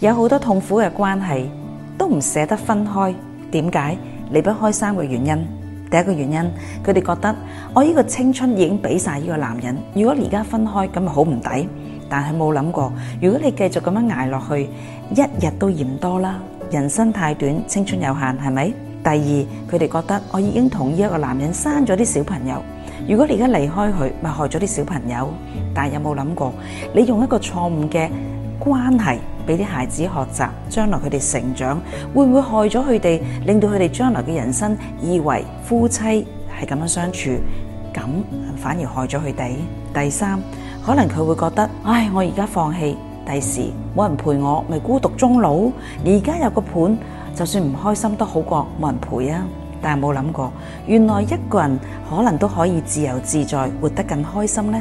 有好多痛苦的關係都唔捨得分開俾啲孩子學習，將來佢哋成長會唔會害咗佢哋？令到佢哋將來嘅人生以為夫妻係咁樣相處，咁反而害咗佢哋。第三，可能佢會覺得，唉，我而家放棄，第時冇人陪我，咪孤獨終老。而家有個伴，就算唔開心都好過冇人陪啊。但係冇諗過，原來一個人可能都可以自由自在，活得更開心呢。